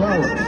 waaw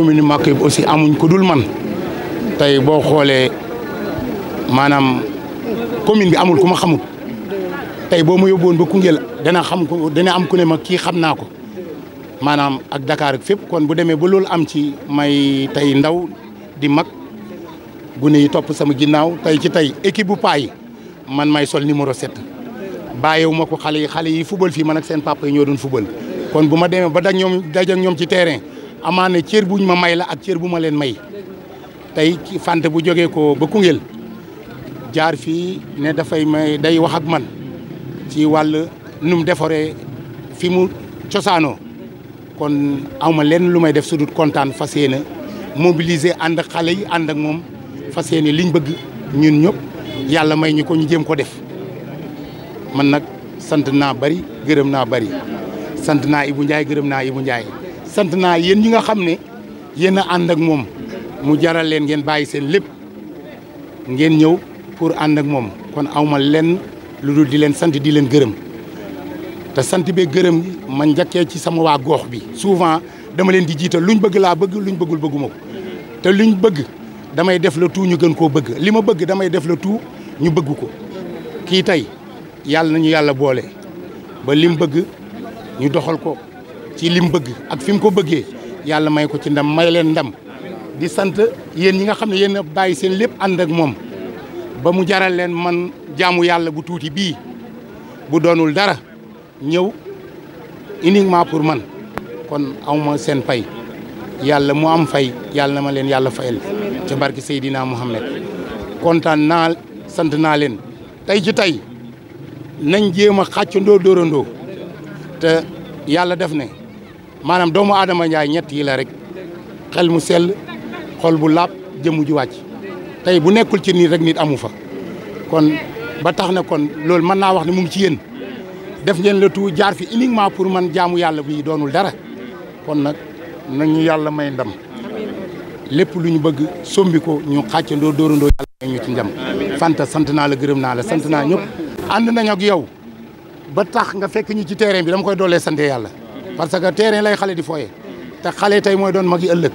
commune Maka Yop aussi amuñ ko dul man tey boo xoolee maanaam commune bi amul ku ma xamul tey boo ma yóbbuwoon ba Koungheul dana xam ko dana am ku ne ma kii xam naa ko maanaam ak Dakar fépp kon bu demee ba loolu am ci may tey ndaw di mag gune yi topp sama ginnaaw tey ci tey équipe bu paa yi man may sol numéro 7 bàyyiwu ma ko xale yi xale yi football fii man ak seen papa yi ñoo doon football kon bu ma demee ba daj ñoom ci terrain amaana cër buñ ma may la ak cër bu ma leen may tey fante bu jógee ko ba Koungheul jaar fii ne dafay may day wax ak man ci wàll nu mu defaree fi mu cosaanoo kon awma leen lu may def su kontaan fas yéene mobiliser ànd ak xale yi ànd ak moom fas yéene liñ bëgg ñun ñëpp yàlla may ñu ko ñu jëm ko def man nag sant naa bari gërëm naa bari sant naa Ibou njaay gërëm naa Ibou njaay sant naa yéen ñi nga xam ne yéen a ànd ak moom mu jaral leen ngeen bàyyi seen lépp ngeen ñëw pour ànd ak moom kon awma lenn lu dul di leen sant di leen gërëm te sant bee gërëm man njëkkee ci sama waa gox bi souvent dama leen di jiital luñ bëgg laa bëgg luñ bëggul bëgguma ko te luñ bëgg damay def le tout ñu gën koo bëgg li ma bëgg damay def le tout ñu bëgg ko kii tey yàlla nañu yàlla boole ba lim bëgg ñu doxal ko ci li mu bëgg ak fi mu ko bëggee yàlla may ko ci ndam may leen ndam di sant yéen ñi nga xam ne yéen a bàyyi seen lépp ànd moom ba mu jaral leen man jaamu yàlla bu tuuti bii bu doonul dara ñëw uniquement pour man kon awma seen pay yàlla mu am fay yàlla na ma leen yàlla fayal ca barki Seydina Muhammad kontaan naa sant naa leen tey ci tey nañ jéem a xàccandoo dóorandoo te yàlla def ne maanaam doomu aadama Ndiaye ñett yi la rek xel mu sell xol bu laab jëmm ju wàcc tey bu nekkul ci nit rek nit amu fa kon ba tax na kon loolu mën naa wax ne mu ci yéen def ngeen le tout jaar fi uniquement pour man jaamu yàlla bi doonul dara kon nag na ñu yàlla may ndam lépp lu ñu bëgg sombi ko ñu xàccandoo dóorandoo yàlla ñu ci ndam fanta sant naa la gërëm naa la sant naa ñëpp ànd nañ ak yow ba tax nga fekk ñu ci terrain bi dama koy doolee sante yàlla parce que terrain lay xale di fooye te xale tey mooy doon mag ëllëg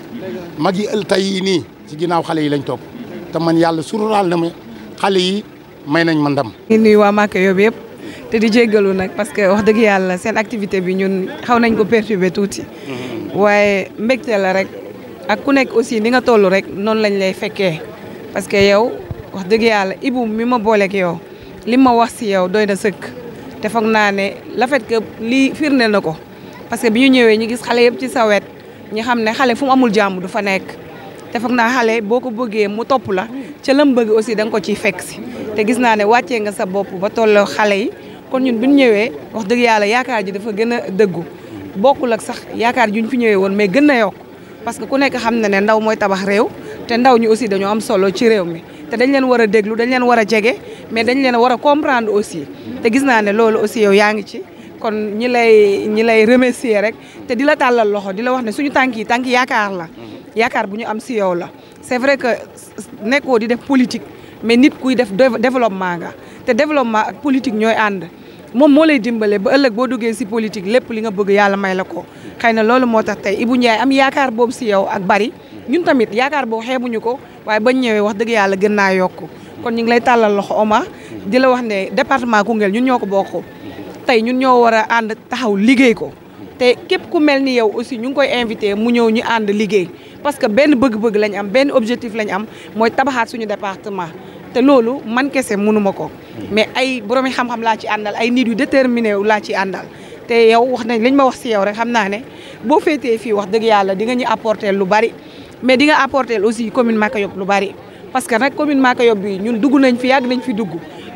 mag yi ëll tey nii ci ginnaaw xale yi lañ toog te man yàlla suturaal na ma xale yi may nañ ma ndam. ngi nuyu waa Maka Yob yëpp te di jéggalu nag parce que wax dëgg yàlla seen activité bi ñun xaw nañ ko perturbé tuuti mm-hmm. waaye mbégte la rek ak ku nekk aussi ni nga toll rek noonu lañ lay fekkee parce que yow wax dëgg yàlla ibu mi ma booleeg yow li ma wax si yow doy na sëkk te foog naa ne la lii firndeel na ko parce que bi ñu ñëwee ñu gis xale yëpp ci sawet wet ñi xam ne xale fu amul jàmm du fa nekk te foog naa xale boo ko bëggee mu topp la ca lam bëgg aussi da ko ciy fekk si te gis naa ne wàccee sa bopp ba tolloo xale yi kon ñun bu ñu ñëwee wax dëgg yàlla yaakaar ji dafa gën a dëggu bokkul ak sax yaakaar juñ fi ñëwee woon mais gën na yokk parce que ku nekk xam na ne ndaw mooy tabax réew te ñi aussi dañoo am solo ci réew mi te dañ leen war a déglu dañ leen war a jege mais dañ leen war a comprendre aussi te gis naa ne loolu aussi yow yaa ngi ci kon ñi lay ñi lay remercier rek te di la tàllal loxo di la wax ne suñu tànk yi tànk yaakaar la mhm. yaakaar bu ñu am si yow la c'est vrai que nekkoo di def politique mais nit kuy def développement nga te développement ak politique ñooy ànd moom moo lay dimbale ba ëllëg boo duggee si politique lépp li nga bëgg yàlla may la ko xëy na loolu moo tax tey Ibou Ndiaye am yaakaar boobu si yow ak bari ñun tamit yaakaar boobu ñu ko waaye bañ ñëwee wax dëgg yàlla gën naa yokk kon ñu ngi lay tàllal loxo Oma mhm. di la wax ne département Koungheul ñun ñoo ko bokk tey ñun ñoo war a ànd taxaw liggéey ko te képp ku mel ni yow aussi ñu ngi koy invité mu ñëw ñu ànd liggéey parce que benn bëgg-bëgg lañ am benn objectif lañ am mooy tabaxaat suñu département te loolu man kese mënuma ko mais ay boroomi xam-xam laa ci àndal ay nit yu déterminé wu laa ci àndal te yow wax nañ lañ ma wax si yow rek xam naa ne boo féetee fii wax dëgg yàlla di nga ñu apporter lu bari mais dinga nga aussi commune Maka Yop lu bari parce que nag commune Maka Yop ñun dugg nañ fi yàgg nañ fi dugg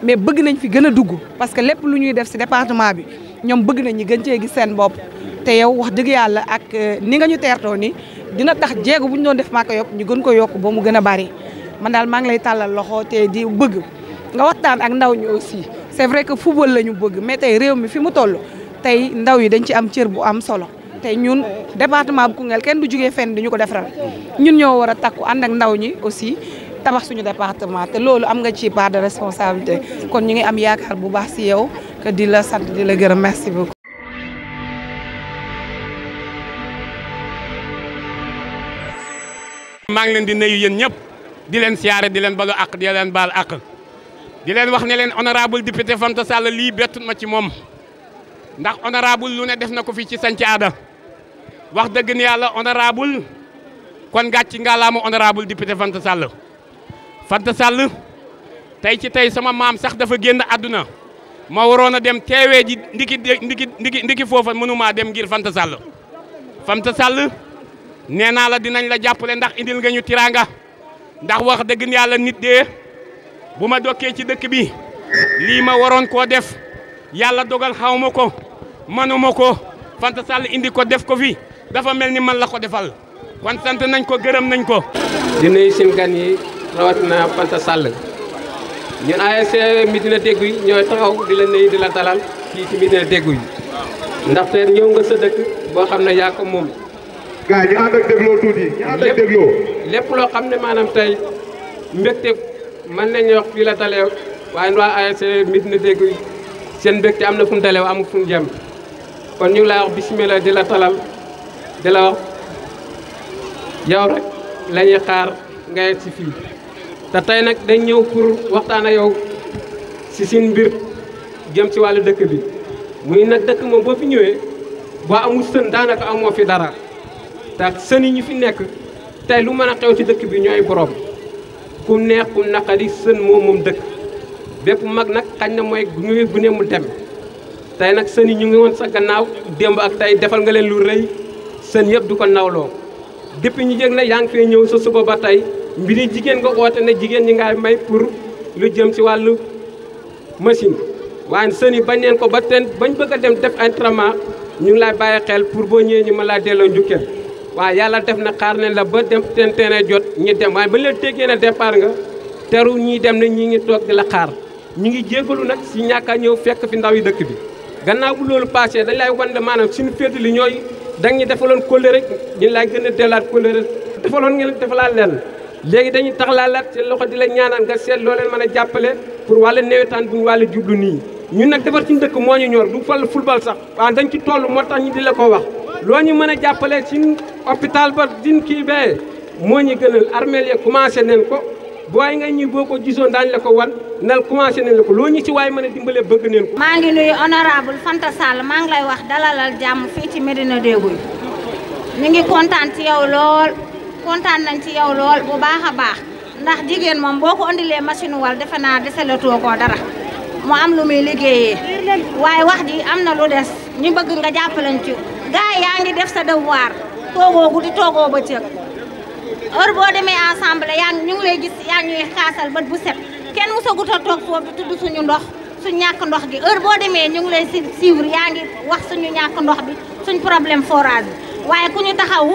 mais bëgg nañ fi gën a dugg parce que lépp lu ñuy def si département bi ñoom bëgg nañ ñi gën cee gis seen bopp te yow wax dëgg yàlla ak euh, ni nga ñu teertoo ni dina tax jéego bu ñu doon def Maka Yop ñu gën ko yokk ba mu gën a bari man daal maa ngi lay tàllal loxo te di bëgg nga waxtaan ak ndaw ñi aussi c'est vrai que football la ñu bëgg mais tey réew mi fi mu toll tey ndaw yi dañ ci am cër bu am solo tey ñun département bu kenn du jugee fenn di ko defaral ñun ñoo war a takku ànd ak ndaw ñi aussi tabax suñu département te loolu am nga ci part de responsabilité kon ñu ngi am yaakaar bu baax si yow que di la sant di la gërëm merci beaucoup. maa ngi leen di nuyu yéen ñëpp di leen siyaare di leen balu àq di leen baal àq di leen wax ne leen honorable député Fanta Sall lii bettut ma ci moom ndax honorable lu ne def na ko fii ci sanc aada wax dëgg ni yàlla honorable kon gàcc ngalaama honorable député Fanta Sall Fanta Sall tey ci tey sama maam sax dafa génn àdduna ma waroon a dem teewee ji ndiki ndiki ndiki ndiki foofa mënumaa dem ngir Fanta Sall Fanta Sall nee naa la dinañ la jàppale ndax indil nga ñu tiraanga ndax wax dëgg yàlla nit de bu ma dokkee ci dëkk bi lii ma waroon koo def yàlla dogal xaw ko manuma ko Fanta Sall indi ko def ko fi dafa mel ni man la ko defal kon sant nañ ko gërëm nañ ko. di nuyu suñu yi. rawatina Fanta Sall ñun ASC Médina Dégguy ñooy taxaw di la nuyu di la dalal fii ci Médina Dégguy ndaxte ñëw nga sa dëkk boo xam ne yaa ko moom. gars ñu ànd ak tuuti ñu ànd ak dégloo. lépp loo xam ne maanaam tey mbégte mën nañu wax fii la dalee waaye waa ASC Médina Dégguy seen mbégte am na fu mu dalee amul fu mu ñu ngi laa di la talal di la wax yow rek la xaar nga yegg si fii. te tey nag dañ ñëw pour waxtaan ak yow si sin mbir jëm ci wàllu dëkk bi muy nag dëkk moom boo fi ñëwee boo amul sën daanaka amoo fi dara te sën ñu fi nekk tey lu mën a xew ci dëkk bi ñooy borom kum neex kum naqari sën moom dëkk bépp mag nag xañ na mooy ñuy bu ne mu dem tey nag sën ñu ngi woon sa gannaaw démb ak tey defal nga leen lu rëy sën yëpp du ko nawloo depuis ñu jëg ne yaa ngi fee ñëw sa suba ba tey mbiri jigéen nga oote na jigéen ñi ngay may pour lu jëm si wàllu machine waaye sën yi bañ neen ko ba ten bañ bëgg a dem def entraînement ñu ngi lay bàyyi xel pour boo ñëwee ñu ma laa delloo njukkeel waaye yàlla def na xaar ne la ba dem ten teene jot ñi dem waaye ba leen téggee ne départ nga teru ñii dem na ñi ngi toog di la xaar ñu ngi jégalu nag si ñàkk a ñëw fekk fi ndaw yi dëkk bi gannaaw bu loolu passé dañ lay wan ne maanaam suñu li ñooy dang ñu defaloon kóllëre rek ñu laa gën a dellaat kóllëre defaloon nga defalaat leen léegi dañuy tax laa laat seen loxo di le ñaanaan nga seet loo leen mën a jàppale pour wàllu nawetaan bu ñu wàllu jublu nii ñun nag defar suñu dëkk moo ñu ñor du fal football sax waaw dañ ci toll moo tax ñu di la ko wax loo ñu mën a jàppale suñ hôpital ba din kii bee moo ñu gënal armeel ya commencé neen ko booy nga ñi boo ko gisoon daañu la ko wan nal commencé nañ ko loo ñu ci waaye mën a dimbale bëgg neen ko. maa ngi nuyu honorable Fanta Sall maa ngi lay wax dalalal jàmm fii ci Médina Gouye ñu ngi kontaan ci yow kontaan nañ ci yow lool bu baax a baax ndax jigéen moom boo ko andilee machine wal defe naa desalatoo koo dara mu am lu muy liggéeye waaye wax ji am na lu des ñi bëgg nga jàppalañ ci gars yaa ngi def sa devoir toogoo guddi toogoo bëccëg heure boo demee ensemble yaa ñu ngi lay gis yaa ñuy xaasal bët bu set kenn musagut a toog foofu tudd suñu ndox suñ ñàkk ndox gi heure boo demee ñu ngi lay suivre yaa ngi wax suñu ñàkk ndox bi suñ problème forage bi waaye ku ñu taxawu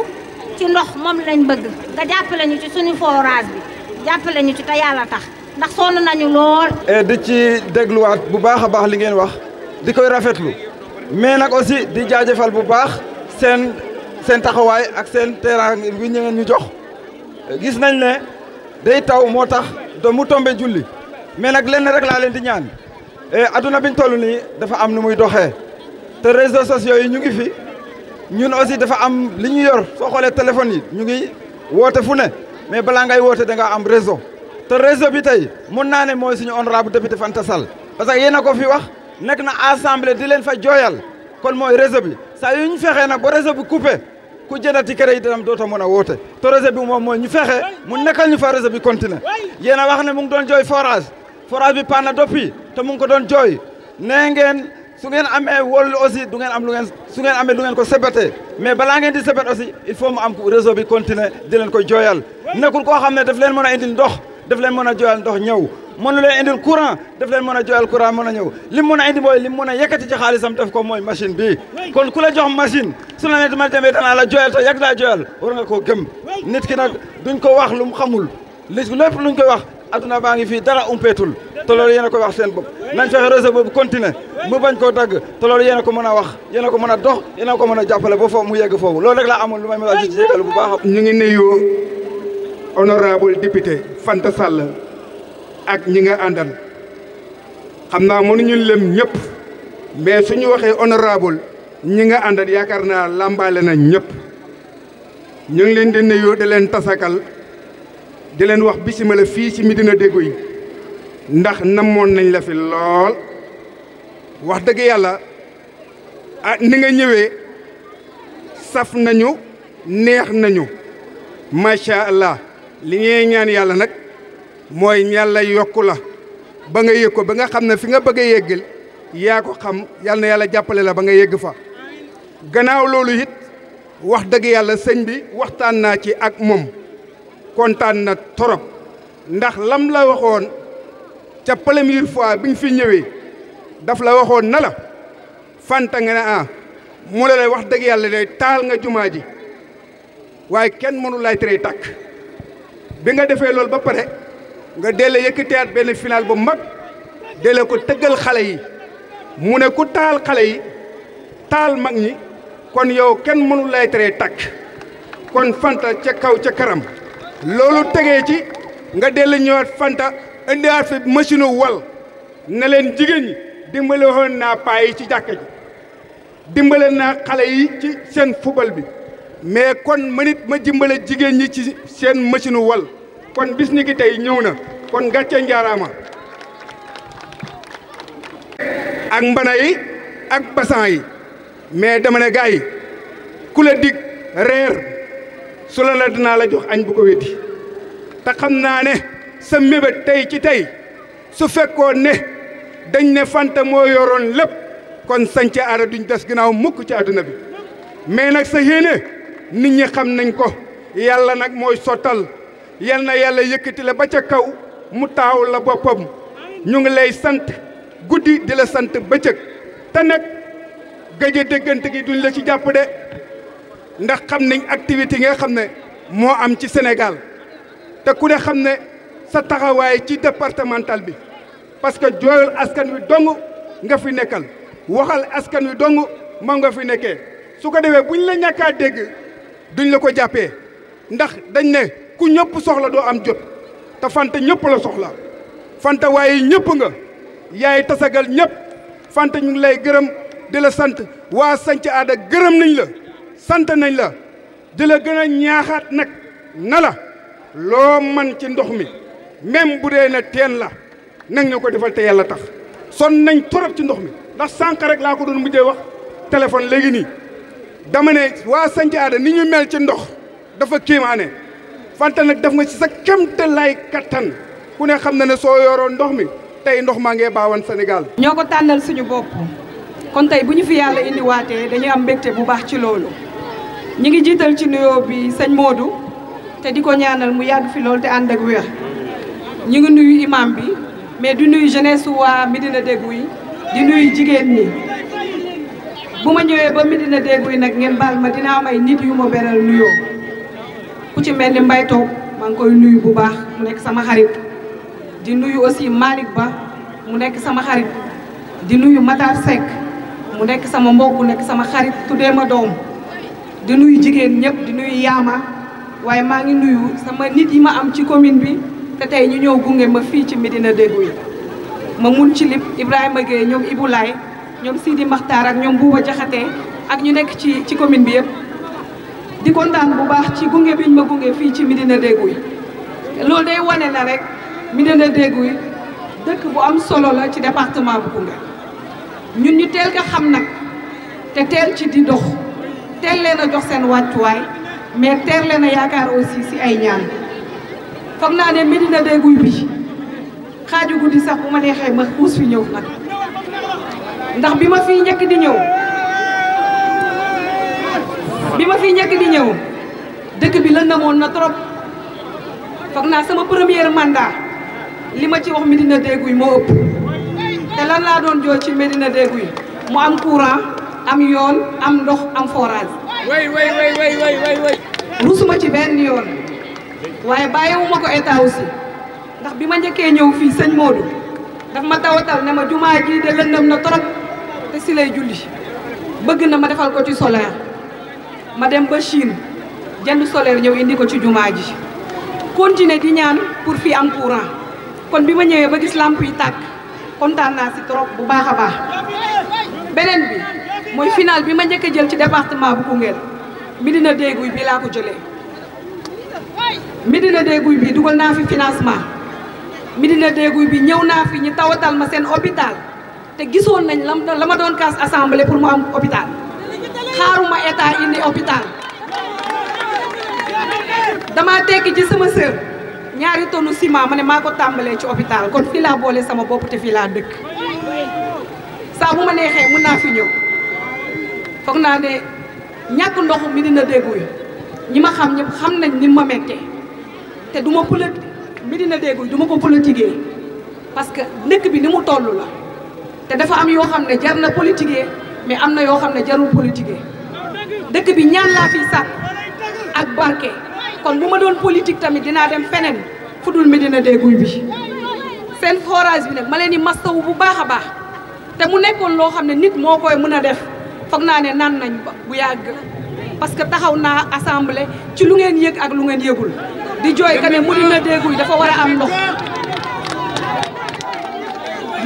ci ndox moom lañ bëgg nga jàppale ñu ci suñu forage bi jàppale ñu ci te yàlla tax ndax sonn nañu lool. Eh, di ci dégluwaat bu baax a baax li ngeen wax di koy rafetlu mais nag aussi di jaajëfal bu baax seen seen taxawaay ak seen terrain bi ñu ngeen ñu jox. gis nañ ne day taw moo tax do mu tombe julli mais nag lenn rek laa leen di ñaan e adduna biñ toll nii dafa am nu muy doxee te réseaux sociaux yi ñu ngi fi ñun aussi dafa am li ñu yor soo xoolee téléphone yi ñu ngi woote fu ne mais balaa ngay woote da nga am réseau te réseau bi tey mun naa ne mooy suñu honorable député Fanta Sall parce que yéen a ko fi wax nekk na assemblée di leen fa jooyal kon mooy réseau bi saa yu ñu fexee nag ba réseau bi coupé ku jëndati crédit itam dootoo mën a woote te réseau moom moo ñu fexe mu nekkal ñu fa réseau bi continuer yéen a wax ne mu doon jooy forage forage bi panne na depuis te mu ngi ko doon jooy nee ngeen su ngeen amee wol aussi du ngeen am lu ngeen su ngeen amee lu ko sebete mais balaa ngeen di sebet aussi il faut mu am réseau bi continuer di leen koy jooyal nekkul koo xam ne daf leen mën a indi ndox daf leen mën a jooyal ndox ñëw mënu leen indil courant daf leen mën a joyal courant mën a ñëw li mu mën a indi mooy li mu mën a yëkkati ci xaalisam def ko moy machine bi kon ku la jox machine su la ne man tamit danaa la joyal te yàgg naa joyal war nga koo gëm nit ki nag duñ ko wax lu mu xamul li lépp luñ koy wax adduna baa ngi fii dara umpeetul te loolu yéen ko wax seen bopp nañ fexe réseau boobu continuer mu bañ koo dagg te loolu yéen a ko mën a wax yéen a ko mën a dox yéen ko mën a jàppale ba foofu mu yegg foofu loolu rek laa amoon lu may a ji jégalu bu baax ñu ngi nuyu honorable député Fanta Sall ak ñi nga àndan xam naa mënuñu lëm ñëpp mais suñu waxee honorable ñi nga àndal yaakaar naa làmbaale na ñëpp ñu ngi leen di nuyu di leen tasakal di leen wax bisimila fii ci dina Gouye ndax nammoon nañ la fi lool wax dëgg yàlla a ni nga ñëwee saf nañu neex nañu macha allah li ngay ñaan yàlla nag mooy yàlla yokk la ba nga yëg ko ba nga xam ne fi nga bëgg a yaa ko xam yal na yàlla jàppale la ba nga yegg fa gannaaw loolu it wax dëgg yàlla sëñ bi waxtaan naa ci ak moom kontaan na torop ndax lam la waxoon ca première fois bi ñu fi ñëwee daf la waxoon na la fanta nga ne moo ah, mu la lay wax dëgg yàlla day taal nga jumaa ji waaye kenn mënu lay tere tàkk bi nga defee loolu ba pare nga delle yëkkateyaat benn final bu mag delle ko tëggal xale yi mu ne ku taal xale yi taal mag ñi kon yow kenn mënu lay tere takk kon Fanta ca kaw ca karam loolu tege ci nga dellu ñëwaat Fanta indiwaat fi machine wal ne leen jigéen ñi dimbale woon naa paa yi ci jàkka dimbale naa xale yi ci seen fubal bi mais kon manit ma dimbale jigéen ñi ci seen machine wal kon bisni ki tey ñëw na kon gàcce njaaraama ak mbana yi ak basan yi mais dama ne gars yi ku la dig reer su la la dinaa la jox añ bu ko weddi te xam naa ne sa mébét tey ci tey su fekkoon ne dañ ne Fanta moo yoroon lépp kon sañca aada duñ des ginnaaw mukk ci àdduna bi mais nag sa yéene nit ñi xam nañ ko yàlla nag mooy sottal yal na yàlla yëkkati la ba ca kaw mu taaw la boppam ñu ngi lay sant guddi di la sant bëccëg te nag gëj a déggante gi duñ la ci jàpp de ndax xam nañ activité nga xam ne moo am ci Sénégal te ku ne xam ne sa taxawaay ci départemental bi parce que jooyal askan wi dong nga fi nekkal waxal askan wi dong moom nga fi nekkee su ko defee buñ la ñàkkaa dégg duñ la ko jàppee ndax dañ ne ku ñëpp soxla doo am jot te fanta ñëpp la soxla fante waaye ñëpp nga yaay tasagal ñëpp fanta ñu lay gërëm di la sant waa sanc aada gërëm nañ la sant nañ la di la gën ñaaxaat nag na la loo man ci ndox mi même bu dee na teen la nag ñu ko defal te yàlla tax son nañ torop ci ndox mi ndax sànq rek laa ko doon mujjee wax téléphone léegi nii dama ne waa sanc aada ni ñu mel ci ndox dafa kéemaane fante nag def nga ci sa kémte lay kattan ku ne xam na ne soo yoroo ndox mi tey ndox maa ngee baawan Sénégal ñoo ko tànnal suñu bopp kon tey bu ñu fi yàlla indiwaatee dañuy am mbégte bu baax ci loolu ñi ngi jiital ci nuyoo bi sëñ Modou te di ko ñaanal mu yàgg fi loolu te ànd ak wér ñi ngi nuyu imam bi mais di nuyu jeunesse waa Médina Gouye di nuyu jigéen ñi bu ma ñëwee ba Médina Gouye nag ngeen baal ma dinaa am ay nit yu ma beral nuyoo ku ci mel ni Mbaye Taw maa ngi koy nuyu bu baax mu nekk sama xarit di nuyu aussi malik Ba mu nekk sama xarit di nuyu Matar Seck mu nekk sama mbokk nekk sama xarit tuddee ma doom di nuyu jigéen ñëpp di nuyu yaama waaye maa ngi nuyu sama nit yi ma am ci commune bi te tey ñu ñëw gunge ma fii ci Médina Gouye ma mun ci lib Ibrahima Gueye ñoom Ibou Laye ñoom Sidi Makhtar ak ñoom Bouba Diakhaté ak ñu nekk ci ci commune bi yëpp di kontaan bu baax ci gunge biñ ma gunge fii ci Médina Gouye loolu day wane na rek Médina Gouye dëkk bu am solo la ci département bu Koungheul ñun ñu teel ko xam nag te teel ci di dox teel leen jox seen wàccuwaay mais teel leen a yaakaar aussi si ay ñaan foog naa ne Médina Gouye bi xaaju guddi sax bu ma neexee ma xuus fi ñëw nag ndax bi ma fii njëkk di ñëw bi ma fi njëkk di ñëw dëkk bi lëndëmoon na trop foog naa sama premier mandat li ma ci wax Médina Gouye moo ëpp te lan laa doon jooy ci Médina Gouye mu am courant am yoon am ndox am forage. way way ci benn yoon waaye bàyyiwuma ko état aussi ndax bi ma njëkkee ñëw fii sëñ Modou daf ma taw a tawatal ne ma jumaa ji de lëndëm na trop te si lay julli bëgg na ma defal ko ci solaire ma dem ba Chine jënd solaire ñëw indi ko ci jumaa ji continuer di ñaan pour fii am courant kon bi ma ñëwee ba gis làmp yi tàkk kontaan naa si trop bu baax a baax beneen bi mooy final bi ma njëkk a jël ci département bu Koungheul na Déguy bi laa ko jëlee na Déguy bi dugal naa fi financement Médina Déguy bi ñëw naa fi ñu tawatal ma seen hôpital te gisoon nañ la ma doon kaas assemblée pour mu am hôpital xaaruma état indi hôpital dama tekki ci sama sœur ñaari tonu ciment ma ne maa ko tàmbalee ci hôpital kon fii boole sama bopp te fii laa dëkk saa bu ma neexee mën naa fi ñëw foog naa ne ñàkk ndoxu mi dina dégguy ñi ma xam ñëpp xam nañ ni ma mettee te du ma pula mi dina dégguy du ma ko politiquer parce que ndëkk bi ni mu toll la te dafa am yoo xam ne jar na politiquer mais am na yoo xam ne jarul politique dëkk bi ñaan laa fiy sàkk ak barke kon bu ma doon politique tamit dinaa dem feneen fu dul Médina Gouye bi seen forage bi ne ma leen di wu bu baax a baax te mu nekkoon loo xam ne nit moo koy mën a def foog naa ne naan nañ ba bu yàgg parce que taxaw naa assemblée ci lu ngeen yëg ak lu ngeen yëgul di jooy mu ne Médina Gouye dafa war a am ndox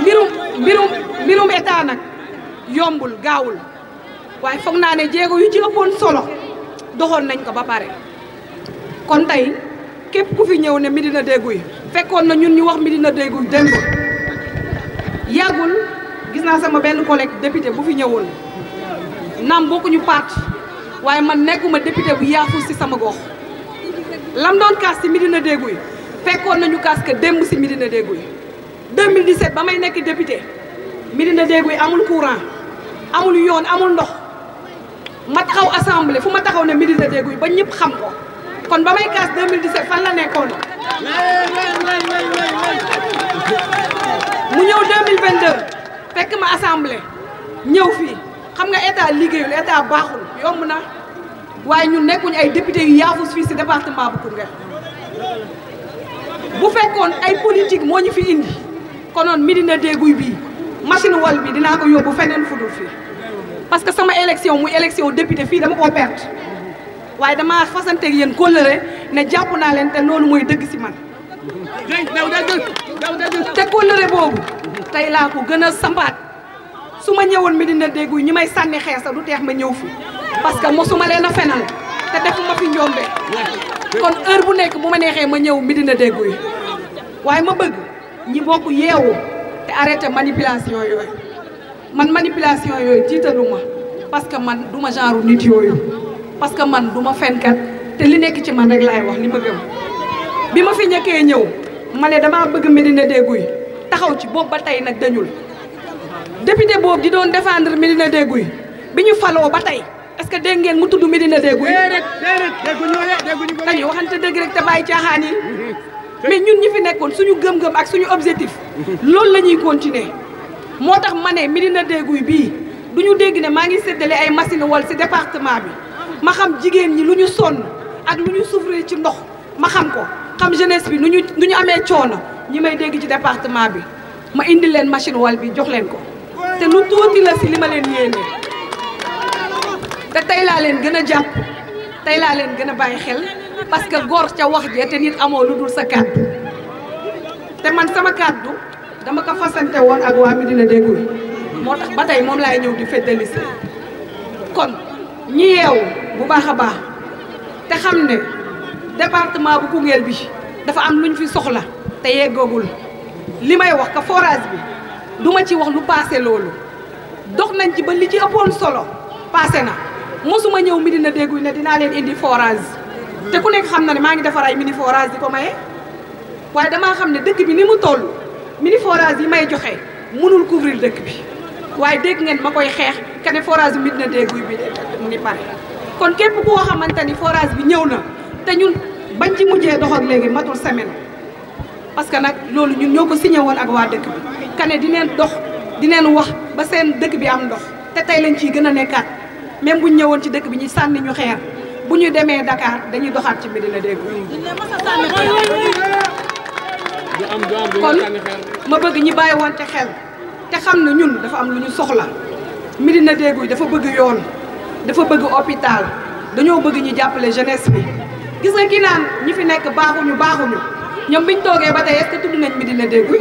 mbirum mbirum mbirum état yombul gaawul waaye foog naa ne jéego yu ci ëppoon solo doxoon nañ ko ba pare kon tey képp ku fi ñëw ne Médina Gouye fekkoon na ñun ñu wax Médina Gouye démb yàggul gis naa sama benn collègue député bu fi ñëwoon naam bokkuñu parti waaye man nekkuma député bu yaaful si sama gox lam doon kaas si Médina Gouye fekkoon nañu kaas que démb si Médina Gouye 2017 ba may nekk député Médina Gouye amul courant amul yoon amul ndox ma taxaw assemblée fu ma taxaw ne Médina Gouye ba ñëpp xam ko kon ba may kaas 2017 fan la nekkoon mu ñëw fekk ma assemblée ñëw fii xam nga état liggéeyul état baaxul yomb na waaye ñun nekkuñu ay député yu yaafus fii si département bu Koungheul bu fekkoon ay politique moo ñu fi indi konoon Médina Gouye bii machine wal bi dinaa ko yóbbu feneen fudul fi parce que sama élection muy élection député fii dama koo perte waaye damaa fasanteeg yéen kóllëre ne jàpp naa leen te loolu mooy dëgg si man. te kóllëre boobu tey laa ko gën a sambaat su ma ñëwoon Médina Dégguy ñi may sànni xeer sa du teex ma ñëw fi parce que mosuma leen a fenal te defuma fi njombe kon heure bu nekk bu ma neexee ma ñëw Médina Dégguy waaye ma bëgg ñi bokk yeewu. te arrêté manipulation yooyu man manipulation yooyu tiitaluma parce que man duma ma genre nit yooyu parce que man du ma fenkat te li nekk ci man rek laay wax li ma gëm bi ma fi ñëkkee ñëw ma ne damaa bëgg Médina Gouye taxaw ci boobu ba tey nag dañul député boobu di doon défendre Médina Gouye bi ñu faloo ba tey est-ce que dégg ngeen mu tudd Médina Gouye dañuy waxante dëgg rek te bàyyi caaxaan mais ñun ñi fi nekkoon suñu gëm-gëm ak suñu objectif loolu la ñuy continuer moo tax ma ne Médina Gouye bii du ñu dégg ne maa ngi séddale ay machine wal si département bi ma xam jigéen ñi lu ñu sonn ak lu ñu souffrir ci ndox ma xam ko xam jeunesse bi nu ñu nu ñu amee coono ñi may dégg ci département bi ma indi leen machine wal bi jox leen ko te lu tuuti la si li ma leen yéene te tey laa leen gën a jàpp tey laa leen gën a bàyyi xel parce que góor ca wax ja te nit amoo lu dul sa kàddu te man sama kàddu dama ko fasante woon ak waa Médina Gouye moo tax ba tey moom laay ñëw di feddali si kon ñi yeewu bu baax a baax te xam ne département bu Koungheul bi dafa am lu ñu fi soxla te yeggoogul li may wax ka forage bi duma ci wax lu paase loolu dox nañ ci ba li ci ëppoon solo paase na mosuma ñëw na Gouye ne dinaa leen indi forage te ku nekk xam na ne maa ngi defaraay mini forage di ko maye waaye damaa xam ne dëkk bi ni mu toll mini forage yi may joxe mënul couvrir dëkk bi waaye dégg ngeen ma koy xeex kane ne forage bi mit na dégguy bi mu ngi pare kon képp koo xamante ni bi ñëw na te ñun bañ ci mujjee dox ak léegi matul semaine parce que nag loolu ñun ñoo ko signé woon ak waa dëkk bi kane neen dox di dineen wax ba seen dëkk bi am ndox te tey lañ ciy gën a nekkaat même buñ ñëwoon ci dëkk bi ñu sànni ñu xeer bu ñu demee Dakar dañuy doxaat ci Médina dégg kon ma bëgg ñi bàyyi woon te xel te xam ne ñun dafa am lu ñu soxla Médina Déguy dafa bëgg yoon dafa bëgg hôpital dañoo bëgg ñu jàppale jeunesse bi gis nga ki naan ñi fi nekk baaxuñu baaxuñu ñoom biñ toogee ba tey est-ce que tudd nañ Médina Déguy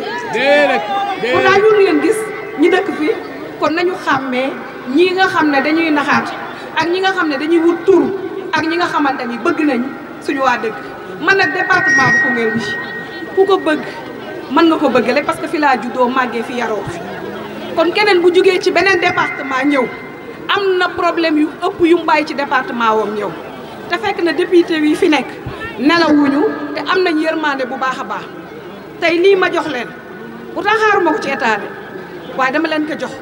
pourtant ñu leen gis ñi dëkk fii kon nañu xàmmee ñii nga xam ne dañuy naxaat ak ñi nga xam ne dañuy wut tur ak ñi nga xamante ni bëgg nañ suñu waa dëkk man nag département bu Koungheul bi ku ko bëgg mën nga ko bëggale parce que fi laa juddoo màggee fi yaroo fi kon keneen bu jugee ci beneen département ñëw am na problème yu ëpp yu mu bàyyi ci département woom ñëw te fekk na député yi fi nekk nelawuñu te am nañ yërmande bu baax a baax tey lii ma jox leen pourtant xaaruma ko ci état waaye dama leen ko jox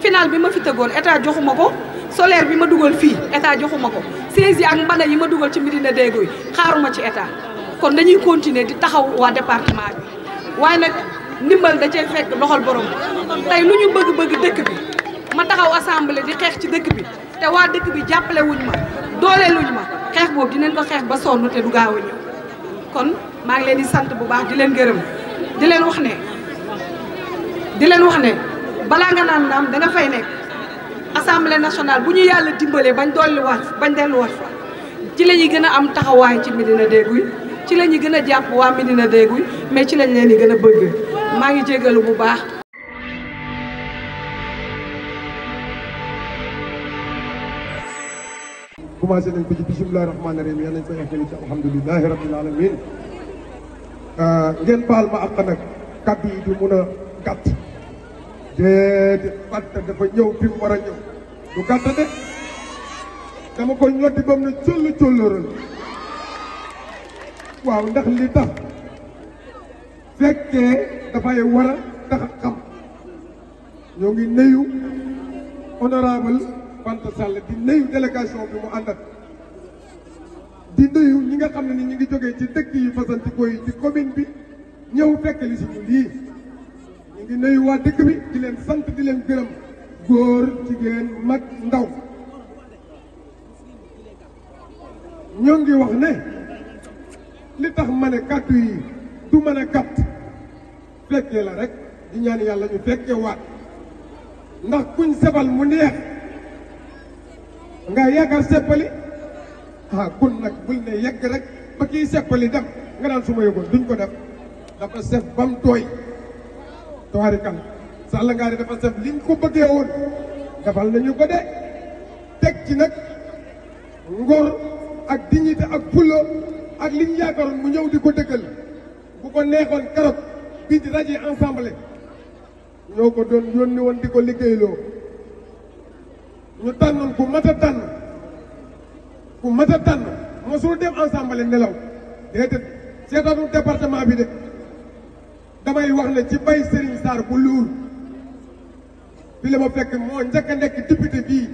final bi ma fi tëggoon état joxuma ko solaire bi ma dugal fii état joxuma ko saisi ak mbana yi ma dugal ci Médina Degoy xaaruma ci état kon dañuy continuer di taxaw waa département bi waaye nag ndimbal da cee fekk loxol borom tey lu ñu bëgg-bëgg dëkk bi ma taxaw assemblée di xeex ci dëkk bi te waa dëkk bi jàppale wuñ ma doole ma xeex boobu dinañ ko xeex ba sonn te du gaaw a kon maa ngi leen di sant bu baax di leen gërëm di leen wax ne di leen wax ne balaa nga naan naam da fay nekk assemblée nationale bu ñu yàlla dimbalee bañ dolliwaat bañ delluwaat fa ci la ñuy gën a am taxawaay ci Médina Gouye ci la ñuy gën a jàpp waa Médina Gouye mais ci lañ leen di gën a bëgg maa ngi jégalu bu baax. commencé nañ ko ci bisimilah rahmaani rahim yal nañ ko yeggali ci alhamdulilahi rabbil alamin euh, ngeen baal ma àq nag kàddu yi du mun a gàtt. déedéet Fanta dafa ñëw fi mu war a ñëw du gàtt de dama ko ñotti bam na cóll cóllóoral waaw ndax li tax fekkee dafay war a tax xam ñoo ngi nuyu honorable Fanta Sall di nuyu délégation bi mu àndal di nuyu ñi nga xam ne ni ñu ngi jógee ci dëkk yi fasantikoo yi ci commune bi ñëw fekk li suñu lii di nuyu waa dëkk bi di leen sant di leen gërëm góor jigéen mag ndaw ñoo ngi wax ne li tax ma ne kàddu yi du mën a gàtt fekkee la rek di ñaan yàlla ñu fekkee waat ndax kuñ sebal mu neex nga yaakaar seppali ah kun nag bul ne yegg rek ba kiy seppali dem nga daan su ma yëgoon duñ ko def dafa sef bam tooy tawarikal Salla Ngaari dafa saf liñ ko bëggee woon defal nañu ko de teg ci nag ngor ak dignité ak fulla ak liñ yaakaaroon mu ñëw di ko dëggal bu ko neexoon karot bii di raje ensemble ñoo ko doon yónni woon di ko liggéeyloo ñu tànnoon ku mat a tànn ku mat a tànn mosul dem ensemble nelaw déedéet seetaanu département bi de damay wax ne ci bay Serigne Sarr bu luul fi la ma fekk moo njëkk a nekk député bii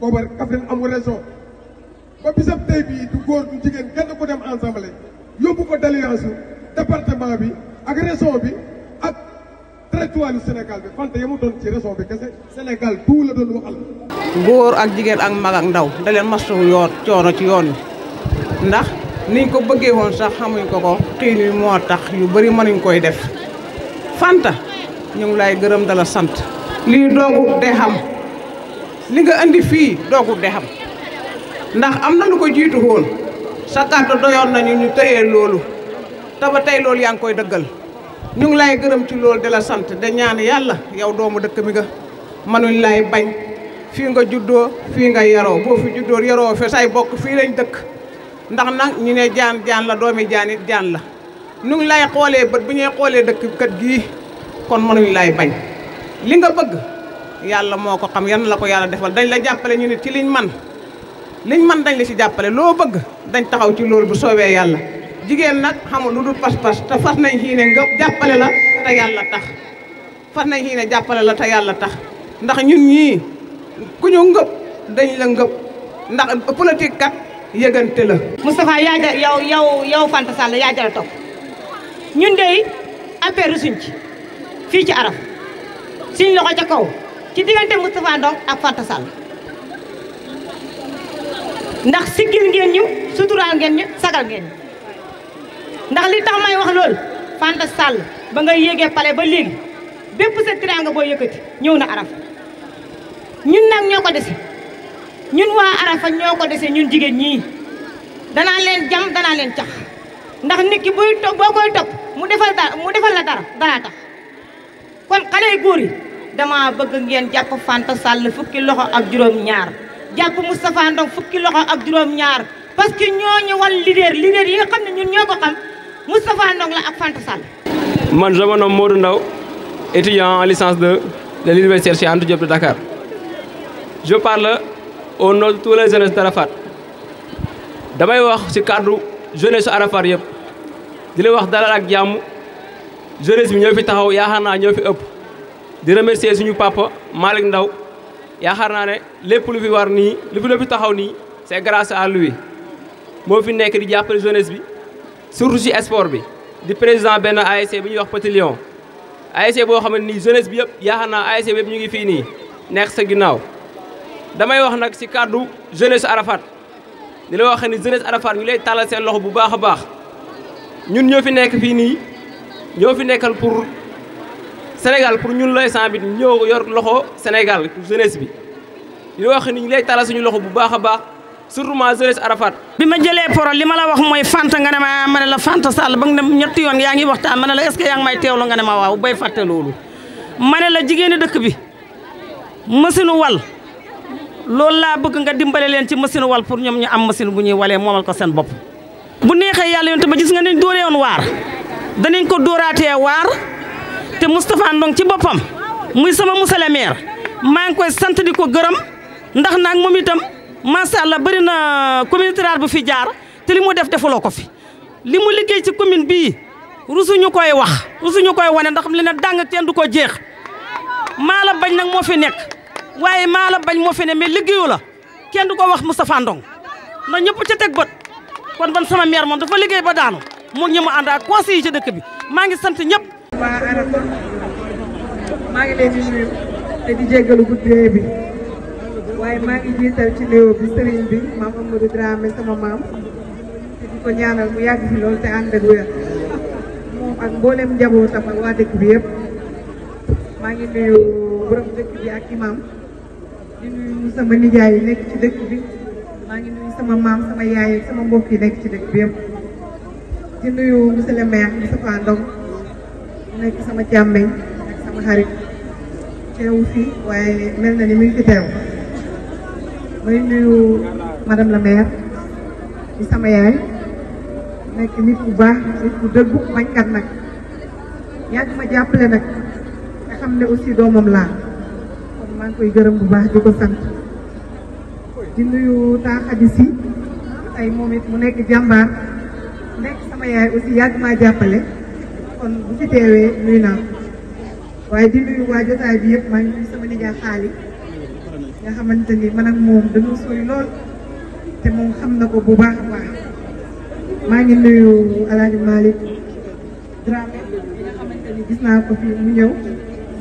booba Kaffrine amul région ba bisab tey bii du góor du jigéen kenn ku dem ensemble yóbbu ko doléance département bi ak région bi ak territoire senegal bi fante yamu doon ci région bi kese Sénégal tout la doon waxal. góor ak jigéen ak mag ak ndaw da leen masawu yoon ci yoon yi ndax niñ ko bëggee woon sax xamuñ ko ko xiin moo tax yu bari mënuñ koy def. Fanta ñu ngi lay gërëm dala sant lii doogu de xam li nga indi fii doogu de xam ndax am na lu ko jiitu woon sa kàddu doyoon nañu ñu tëyee loolu te ba tey loolu yaa ngi koy dëggal ñu lay gërëm ci loolu dala sant da ñaan yàlla yow doomu dëkk mi nga mënuñ lay bañ fii nga juddoo fii nga yaroo boo fi juddoo yaroo fi bokk fii lañ dëkk ndax nag ñu ne jaan jaan la doomi jaanit it jaan la nu ngi lay xoolee bët bu ñuy xoolee dëkk kat gii kon mënuñ lay bañ li nga bëgg yàlla moo ko xam yan la ko yàlla defal dañ la jàppale ñu ne ci liñ man liñ man dañ la ci jàppale loo bëgg dañ taxaw ci loolu bu soobee yàlla jigéen nag xamul lu dul pas-pas te fas nañ xii ne jàppale la te yàlla tax fas nañ xii ne jàppale la te yàlla tax ndax ñun ñii ku ñu ngëp dañ la ngëp ndax politique kat yëgante la Moustapha yaa yow yow yow Fanta Sall yaa jara topp ñun dey ampeeru suñ ci fii ci araf suñ loxo ca kaw ci diggante Moustapha Ndong ak Fanta Sall ndax siggil ngeen ñu suturaal ngeen ñu sagal ngeen ñu ndax li tax may wax loolu Fanta Sall ba nga yéegee pale ba léegi bépp sa tiraanga boo ñëw na araf ñun nag ñoo ko dese ñun waa arafa ñoo ko dese ñun jigéen ñii danaa leen jam danaa leen cax ndax nit ki buy topp boo koy topp mu defal dara mu defal la dara dara tax kon xale yu dama bëgg ngeen jàpp Fanta Sall fukki loxo ak juróom-ñaar jàpp Moustapha Ndong fukki loxo ak juróom-ñaar parce que wan leader leader yi nga xam ñun ñoo ko xam Moustapha Ndong la ak Fanta Sall. man je me nomme Ndaw étudiant en licence 2 de l'université Cheikh Anta Diop de Dakar je parle au nom de tous les jeunes d'Arafat damay wax ci cadre jeunesse Arafat yëpp. di leen wax dalal ak jàmm jeunesse bi ñoo fi taxaw yaakaar naa ñoo fi ëpp di remercier suñu papa Malick Ndaw yaakaar naa ne lépp lu fi war nii lu fi lépp taxaw nii c'est grâce à lui moo fi nekk di jàppale jeunesse bi surtout si sport bi di président benn ASC bi ñuy wax Petit Lion ASC boo xam ne nii jeunesse bi yëpp yaakaar naa ASC bi ñu ngi fii nii neex sa ginnaaw damay wax nag ci kàddu jeunesse Arafat di la wax ni jeunesse Arafat ñu lay tàllal seen loxo bu baax a baax ñun ñoo fi nekk fii nii ñoo fi nekkal pour Sénégal pour ñun lay sant bi ñoo yor loxo Sénégal jeunesse bi li wax ni ñu lay tala loxo bu baax a baax surtout ma jeunesse Arafat. bi ma jëlee parole li ma la wax mooy Fanta nga ne ma ma ne la Fanta Sall ba nga dem ñetti yoon yaa ngi waxtaan ma ne la est-ce que yaa ngi may teewlu nga ne ma waaw bay fàtte loolu. ma ne la jigéenu dëkk bi machine wal loolu laa bëgg nga dimbale leen ci machine wal pour ñoom ñu am machine bu ñuy walee moomal ko seen bopp. bu neexee yàlla yoon te ba gis nga ni dóoree oon waar danañ ko dóoraatee waar te Moustapha Ndong ci boppam muy sama monsieur maa ngi koy sant di ko gërëm ndax nag moom itam macha allah bëri na communauté rurale bu fi jaar te li mu def defaloo ko fi li mu liggéey ci commune bii rusuñu koy wax rusuñu koy wane ndax li ne dàng kenn du ko jeex maa la bañ nag moo fi nekk waaye maa la bañ moo fi ne mais liggéeyu la kenn du ko wax Moustapha ndax ñëpp kon man sama maire moom dafa liggéey ba daanu moo ñi mu ànd ak conseil yi ci dëkk bi maa ngi sant ñëpp. maa ngi leen di nuyu te di jéggalu guddee bi waaye maa ngi jiital ci néew bi sëriñ bi maam Amadou Dramé sama maam te di ko ñaanal mu yàgg fi loolu te ànd ak wér moom ak mboolem njabootam ak waa dëkk bi yëpp maa ngi nuyu borom dëkk bi ak imam di nuyu sama nijaay yi nekk ci dëkk bi. maa ngi nuyu sama maam sama yaay sama mbokk yi nekk ci dëkk bi yëpp di nuyu monsieur le maire Moustapha Ndong nekk sama càmmeñ ak sama xarit teewu fii waaye mel na ni mu fi teew may nuyu madame la maire di sama yaay nekk nit bu baax nit bu dëggu bañkat nag yàgg ma jàppale nag nga xam ne aussi doomam laa maa ngi koy gërëm bu baax di ko sant di nuyu taa xadi si ay moom it mu nekk jàmbaar nekk sama yaay aussi yàgg maa jàppale kon bu fi teewee nuyu naa waaye di nuyu waa bi yëpp maa ngi nuyu sama nijaay xaali moom dañoo sori moom xam na ko bu baax maa ngi nuyu bi nga xamante ni gis naa ko fii mu ñëw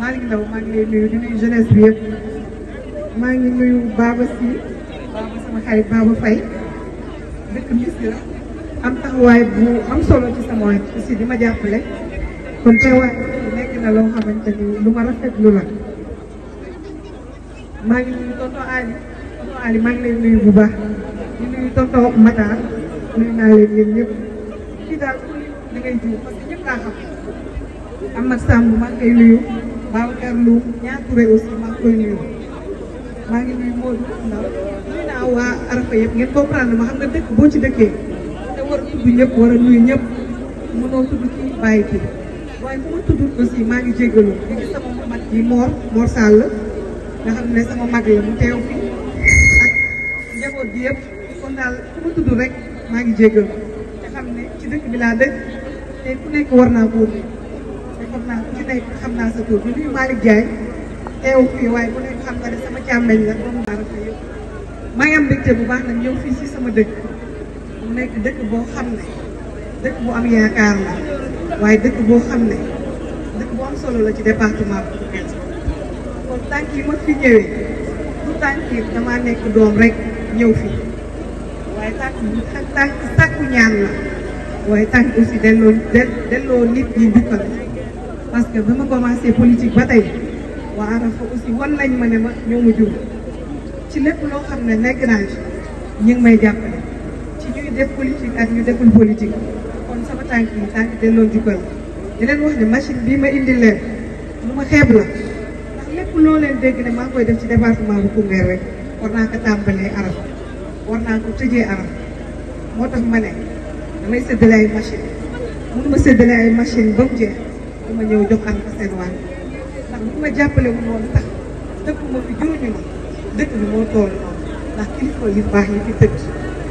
Malick Ndaw maa ngi nuyu di nuyu jeunesse bi yëpp maa ngi nuyu Baba sama xarit Baba Faye dëkk Miss la am taxawaay bu am solo ci sama wàll aussi di ma jàppale kon teewaay nekk na loo xamante ni lu ma rafetlu la maa leen baax di nuyu leen yéen kii daal da ngay jiw parce que ñëpp laa xam Amath Samb maa ngi koy nuyu Babacar Loum ñaar Touré aussi maa ngi koy nuyu. maa ngi nuyu Modou Ndaw nuyu naa waa Arafa yëpp ngeen comprendre ma xam nga dëkk boo ci dëkkee te war a tudd ñëpp war a nuyu ñëpp mënoo tudd kii bàyyi kii waaye bu ma tudd maa ngi jégalu di gis sama mag sama mag la mu yëpp kon daal rek maa ngi jégalu te xam ne ci dëkk bi laa dëkk te ku nekk war naa góor te xam naa sa tur bi nuyu Malick teew fii waaye ku nekk xam nga ne sama càmmeñ la moom laa dafa yëpp maa am mbégte bu baax nag ñëw fii si sama dëkk mu nekk dëkk boo xam ne dëkk bu am yaakaar waaye dëkk boo xam ne solo la ci département bu Koungheul kon tànk yi ma fi ñëwee du tànk yi damaa nekk doom rek ñëw fii waaye tànk tànk tàkku ñaan la waaye tànk aussi delloo delloo nit ñi njukkal parce que ba ma commencé politique ba tey waaral fa aussi wan lañ ma ne ma ñoo ma jur ci lépp loo xam ne nekk naa ci ñu may jàppale ci ñuy def politique ak ñu deful politique kon sama tànk yi tànk delloo jukkal di leen wax ne machine bii ma indi leen lu ma xeeb la ndax lépp loo leen dégg ne maa ngi koy def ci département bu Koungheul rek war naa ko tàmbalee araf war naa ko tëjee araf moo tax ma ne damay séddale ay machine mënu ma ay machine ba mu jeex dama ñëw jox am seen wàll ñi ma jàppale wu noonu tax dëkk ma fi juróomi na dëkk bi moo tool noonu ndax kilifa yu baax yi fi tëdd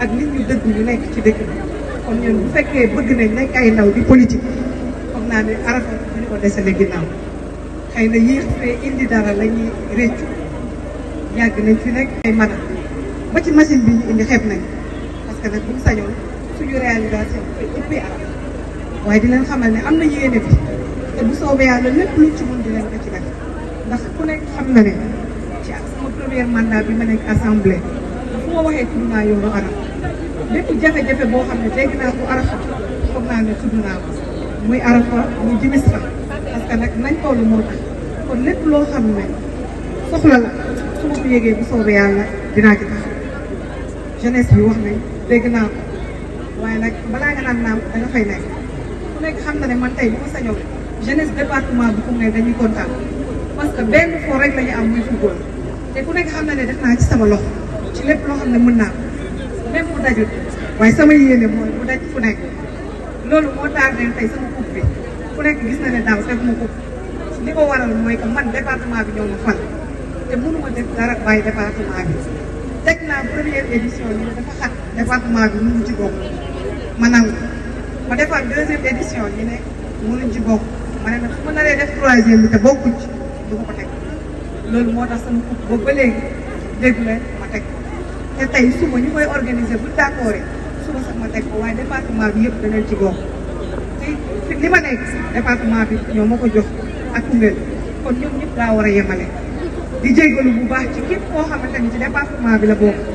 ak nit ñu dëgg ñu nekk ci dëkk bi kon ñun bu fekkee bëgg nañ nekk ay ndaw di politique xam naa ne arafa ñu ko desale ginnaaw xëy na yéex fee indi dara la ñuy réccu nañ fi nekk ay mana ba ci machine bi ñu indi xeeb nañ parce que nag buñ sañoon suñu réalisation fay ëppee araf waaye di leen xamal ne am na yéene bi te bu soobee yàlla lépp luñ ci ndax ku nekk xam na ne ci ak sama premier mandat bi ma nekk assemblée fu ma waxee tudd naa yoonu araf lépp jafe-jafe boo xam ne dégg naa ko arafa foog naa ne tudd naa ko nag nañ toolu moo tax kon lépp loo xam ne soxla la su ma ko yégee bu soobee yàlla dinaa ci tax jeunesse bi wax nañ dégg naa ko waaye nag balaa nga naan naam da nga fay ku nekk xam na ne man tey bu ma sañoon jeunesse département bu Koungheul dañuy kontaan parce que benn foo rek la am muy football te ku nekk xam na ne def naa ci sama loxo ci lépp loo xam ne mën naa même ko dajut waaye sama yéene mooy bu daj fu nekk loolu moo tardé tey sama coupe bi ku nekk gis na ne daaw def ma coupe li ko waral mooy que man département bi ñoo ma fal te mënuma def dara bàyyi département bi teg naa première édition ñu ne dafa xat département bi mënuñ ci bokk ma nangu ma defaat deuxième édition ñu ne mënuñ ci bokk ma ne nag def troisième bi te bokkuñ du ma ko loolu moo tax sama couple boobu ba léegi déglu leen ma teg te tey suba ñu koy organiser bu d'accord suba sax ma teg ko waaye département bi yëpp danañ ci gox te li ma nekk département bi ñoo ma ko jox ak Koungheul kon ñoom ñëpp daa war a yemale di jégalu bu baax ci képp koo xamante ni ci département bi la bokk.